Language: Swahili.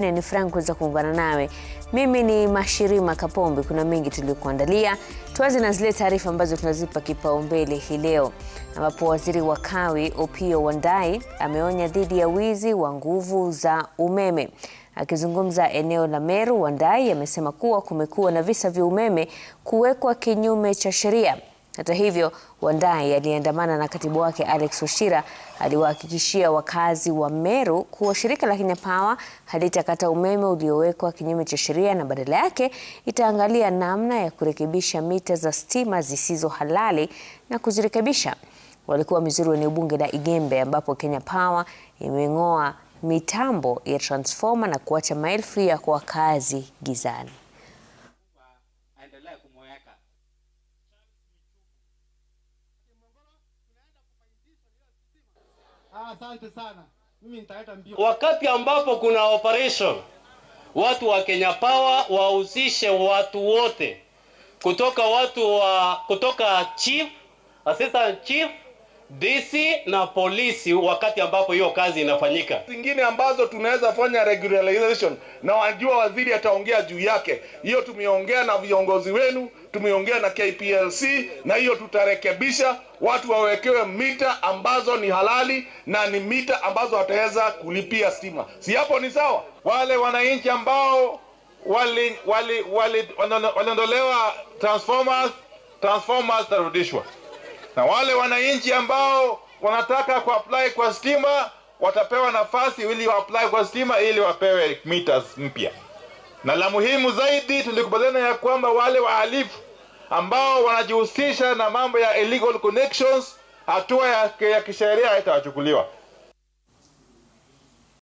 Ni furaha kuweza kuungana nawe. Mimi ni Mashirima Kapombe. Kuna mengi tuliokuandalia, tuanze na zile taarifa ambazo tunazipa kipaumbele hii leo, ambapo waziri wa kawi Opiyo Wandayi ameonya dhidi ya wizi wa nguvu za umeme. Akizungumza eneo la Meru, Wandayi amesema kuwa kumekuwa na visa vya umeme kuwekwa kinyume cha sheria hata hivyo, Wandayi aliyeandamana na katibu wake Alex Wachira aliwahakikishia wakazi wa Meru kuwa shirika la Kenya Power halitakata umeme uliowekwa kinyume cha sheria na badala yake itaangalia namna ya kurekebisha mita za stima zisizo halali na kuzirekebisha. Walikuwa mizuri wenye bunge la Igembe ambapo Kenya Power imeng'oa mitambo ya transfoma na kuacha maelfu ya wakazi gizani. Ah, asante sana. Mimi nitaleta mbio. Wakati ambapo kuna operation, watu wa Kenya Power wahusishe watu wote kutoka watu wa kutoka chief, assistant chief disi na polisi wakati ambapo hiyo kazi inafanyika. Zingine ambazo tunaweza fanya regularization, na wajua waziri ataongea juu yake. Hiyo tumeongea na viongozi wenu, tumeongea na KPLC, na hiyo tutarekebisha, watu wawekewe mita ambazo ni halali na ni mita ambazo wataweza kulipia stima. Si hapo ni sawa? Wale wananchi ambao waliondolewa wali, wali, wali, wali transformers, transformers tarudishwa na wale wananchi ambao wanataka kuapply kwa stima watapewa nafasi ili waapply kwa stima ili wapewe meters mpya. Na la muhimu zaidi, tulikubaliana ya kwamba wale wahalifu ambao wanajihusisha na mambo ya illegal connections, hatua ya, ya kisheria itawachukuliwa.